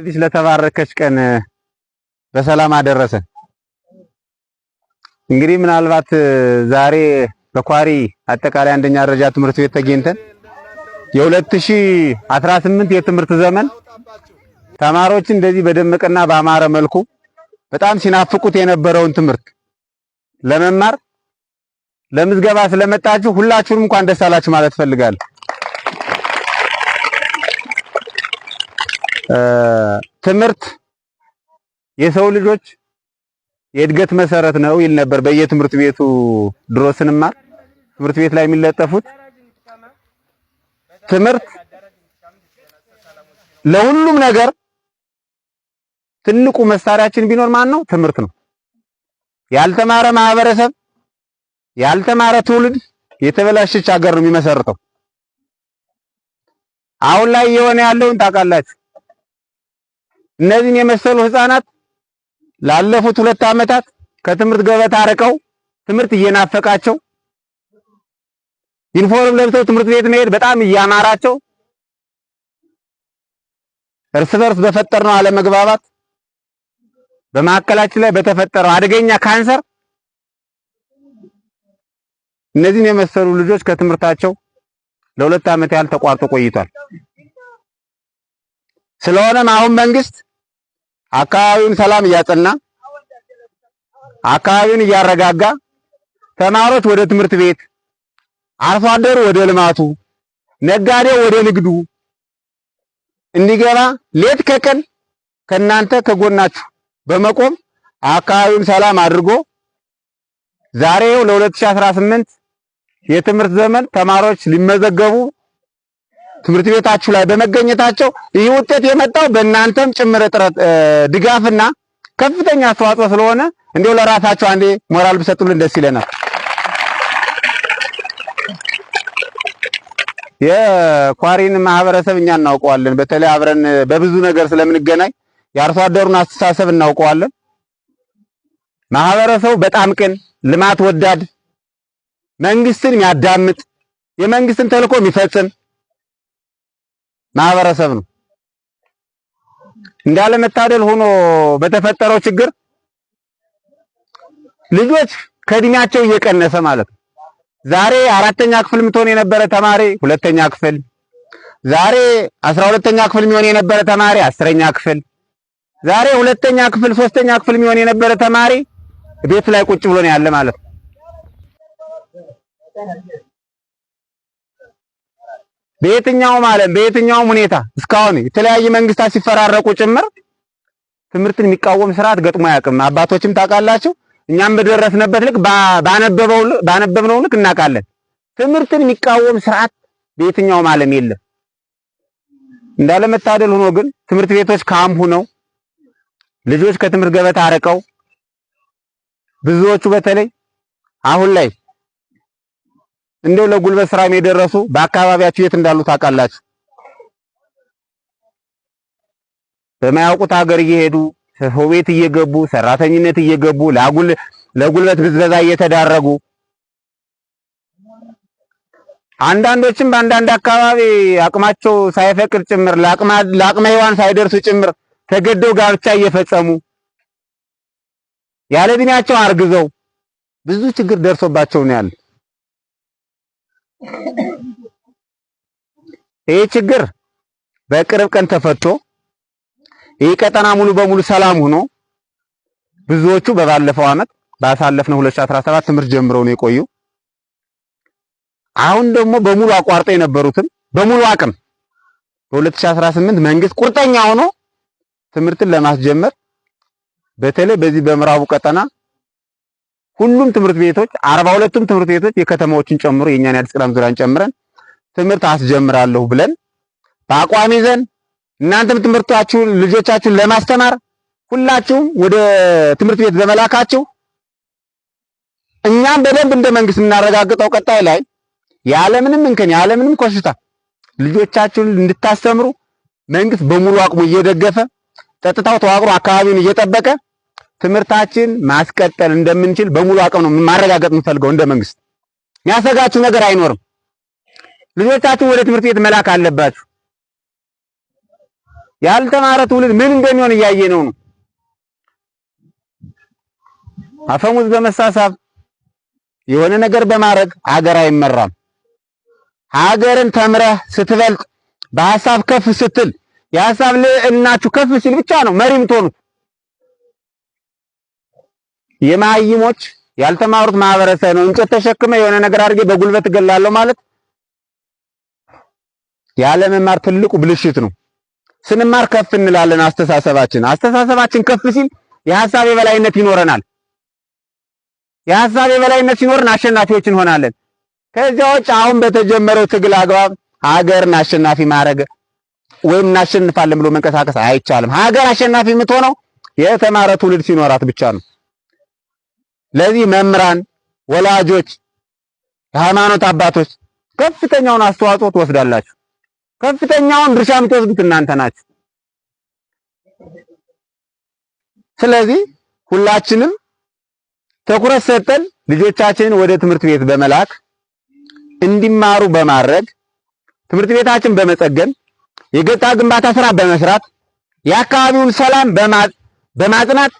እዚህ ስለተባረከች ቀን በሰላም አደረሰን። እንግዲህ ምናልባት ዛሬ በኳሪ አጠቃላይ አንደኛ ደረጃ ትምህርት ቤት ተገኝተን የ2018 የትምህርት ዘመን ተማሪዎች እንደዚህ በደመቀና ባማረ መልኩ በጣም ሲናፍቁት የነበረውን ትምህርት ለመማር ለምዝገባ ስለመጣችሁ ሁላችሁንም እንኳን ደስ አላችሁ ማለት እፈልጋለሁ። ትምህርት የሰው ልጆች የእድገት መሰረት ነው ይል ነበር። በየትምህርት ቤቱ ድሮ ስንማር ትምህርት ቤት ላይ የሚለጠፉት ትምህርት ለሁሉም ነገር ትልቁ መሳሪያችን ቢኖር ማን ነው? ትምህርት ነው። ያልተማረ ማህበረሰብ፣ ያልተማረ ትውልድ የተበላሸች ሀገር ነው የሚመሰርተው። አሁን ላይ የሆነ ያለውን ታውቃላችሁ። እነዚህን የመሰሉ ህፃናት ላለፉት ሁለት ዓመታት ከትምህርት ገበታ ርቀው ትምህርት እየናፈቃቸው ዩኒፎርም ለብሰው ትምህርት ቤት መሄድ በጣም እያማራቸው እርስ በርስ በፈጠርነው አለመግባባት በማዕከላችን ላይ በተፈጠረው አደገኛ ካንሰር እነዚህን የመሰሉ ልጆች ከትምህርታቸው ለሁለት ዓመት ያህል ተቋርጦ ቆይቷል። ስለሆነም አሁን መንግስት አካባቢውን ሰላም እያጸና አካባቢውን እያረጋጋ ተማሪዎች ወደ ትምህርት ቤት፣ አርሶ አደሩ ወደ ልማቱ፣ ነጋዴው ወደ ንግዱ እንዲገባ ሌት ከቀን ከናንተ ከጎናችሁ በመቆም አካባቢውን ሰላም አድርጎ ዛሬው ለ2018 የትምህርት ዘመን ተማሪዎች ሊመዘገቡ ትምህርት ቤታችሁ ላይ በመገኘታቸው ይህ ውጤት የመጣው በእናንተም ጭምር ጥረት ድጋፍና ከፍተኛ አስተዋጽኦ ስለሆነ እንዲሁ ለራሳችሁ አንዴ ሞራል ብሰጡልን ደስ ይለናል። የኳሪን ማህበረሰብ እኛ እናውቀዋለን። በተለይ አብረን በብዙ ነገር ስለምንገናኝ የአርሶ አደሩን አስተሳሰብ እናውቀዋለን። ማህበረሰቡ በጣም ቅን፣ ልማት ወዳድ፣ መንግስትን የሚያዳምጥ የመንግስትን ተልኮ የሚፈጽም ማህበረሰብ ነው። እንዳለመታደል ሆኖ በተፈጠረው ችግር ልጆች ከእድሜያቸው እየቀነሰ ማለት ነው። ዛሬ አራተኛ ክፍል የምትሆን የነበረ ተማሪ ሁለተኛ ክፍል፣ ዛሬ አስራ ሁለተኛ ክፍል የሚሆን የነበረ ተማሪ አስረኛ ክፍል፣ ዛሬ ሁለተኛ ክፍል ሶስተኛ ክፍል የሚሆን የነበረ ተማሪ ቤቱ ላይ ቁጭ ብሎ ነው ያለ ማለት ነው። በየትኛውም ዓለም በየትኛውም ሁኔታ እስካሁን የተለያየ መንግስታት ሲፈራረቁ ጭምር ትምህርትን የሚቃወም ስርዓት ገጥሞ አያውቅም። አባቶችም ታውቃላችሁ፣ እኛም በደረስነበት ልክ ባነበብነው ልክ እናውቃለን። ትምህርትን የሚቃወም ስርዓት በየትኛውም ዓለም የለም። እንዳለመታደል ሆኖ ግን ትምህርት ቤቶች ካምፕ ሆነው ልጆች ከትምህርት ገበታ አርቀው ብዙዎቹ በተለይ አሁን ላይ እንደው ለጉልበት ስራ የደረሱ በአካባቢያችሁ የት እንዳሉ ታውቃላችሁ? በማያውቁት ሀገር እየሄዱ ሰው ቤት እየገቡ ሰራተኝነት እየገቡ ለአጉል ለጉልበት ብዝበዛ እየተዳረጉ አንዳንዶችም በአንዳንድ አካባቢ አቅማቸው ሳይፈቅድ ጭምር ለአቅመ ሔዋን ሳይደርሱ ጭምር ተገደው ጋብቻ እየፈጸሙ ያለ ዕድሜያቸው አርግዘው ብዙ ችግር ደርሶባቸው ነው ያለ። ይህ ችግር በቅርብ ቀን ተፈቶ ይህ ቀጠና ሙሉ በሙሉ ሰላም ሆኖ ብዙዎቹ በባለፈው ዓመት ባሳለፍነው 2017 ትምህርት ጀምረው ነው የቆዩ። አሁን ደግሞ በሙሉ አቋርጠው የነበሩትም በሙሉ አቅም በ2018 መንግስት ቁርጠኛ ሆኖ ትምህርትን ለማስጀመር በተለይ በዚህ በምዕራቡ ቀጠና ሁሉም ትምህርት ቤቶች አርባ ሁለቱም ትምህርት ቤቶች የከተማዎችን ጨምሮ የእኛን የአዲስ ቅዳም ዙሪያን ጨምረን ትምህርት አስጀምራለሁ ብለን በአቋም ይዘን እናንተም ትምህርታችሁን ልጆቻችሁን ለማስተማር ሁላችሁም ወደ ትምህርት ቤት በመላካችሁ እኛም በደንብ እንደ መንግስት እናረጋግጠው ቀጣይ ላይ ያለምንም እንከን ያለምንም ኮሽታ ልጆቻችሁን እንድታስተምሩ መንግስት በሙሉ አቅሙ እየደገፈ ጸጥታው ተዋቅሮ አካባቢውን እየጠበቀ ትምህርታችን ማስቀጠል እንደምንችል በሙሉ አቅም ነው ማረጋገጥ የምንፈልገው እንደ መንግስት። የሚያሰጋችሁ ነገር አይኖርም። ልጆቻችሁ ወደ ትምህርት ቤት መላክ አለባችሁ። ያልተማረ ትውልድ ምን እንደሚሆን እያየ ነው ነው አፈሙዝ በመሳሳብ የሆነ ነገር በማድረግ ሀገር አይመራም። ሀገርን ተምረህ ስትበልጥ በሀሳብ ከፍ ስትል የሀሳብ ልዕልናችሁ ከፍ ሲል ብቻ ነው መሪ የምትሆኑት። የማይሞች ያልተማሩት ማህበረሰብ ነው። እንጨት ተሸክመ የሆነ ነገር አድርጌ በጉልበት እገላለሁ ማለት ያለመማር ትልቁ ብልሽት ነው። ስንማር ከፍ እንላለን። አስተሳሰባችን አስተሳሰባችን ከፍ ሲል የሐሳብ የበላይነት ይኖረናል። የሐሳብ የበላይነት ሲኖርን አሸናፊዎች እንሆናለን። ከዚያ ውጭ አሁን በተጀመረው ትግል አግባብ ሀገርን አሸናፊ ማድረግ ወይም እናሸንፋለን ብሎ መንቀሳቀስ አይቻልም። ሀገር አሸናፊ የምትሆነው የተማረ ትውልድ ሲኖራት ብቻ ነው። ለዚህ መምህራን፣ ወላጆች፣ የሃይማኖት አባቶች ከፍተኛውን አስተዋጽኦ ትወስዳላችሁ። ከፍተኛውን ድርሻ የምትወስዱት እናንተ ናችሁ። ስለዚህ ሁላችንም ትኩረት ሰጠን ልጆቻችንን ወደ ትምህርት ቤት በመላክ እንዲማሩ በማድረግ ትምህርት ቤታችን በመጸገን የገጣ ግንባታ ስራ በመስራት የአካባቢውን ሰላም በማጽናት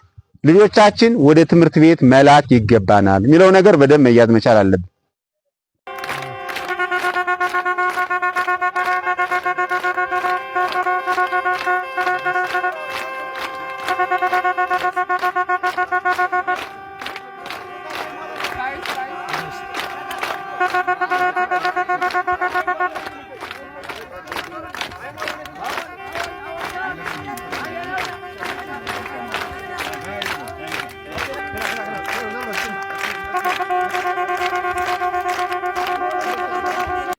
ልጆቻችን ወደ ትምህርት ቤት መላክ ይገባናል የሚለው ነገር በደንብ መያዝ መቻል አለብን።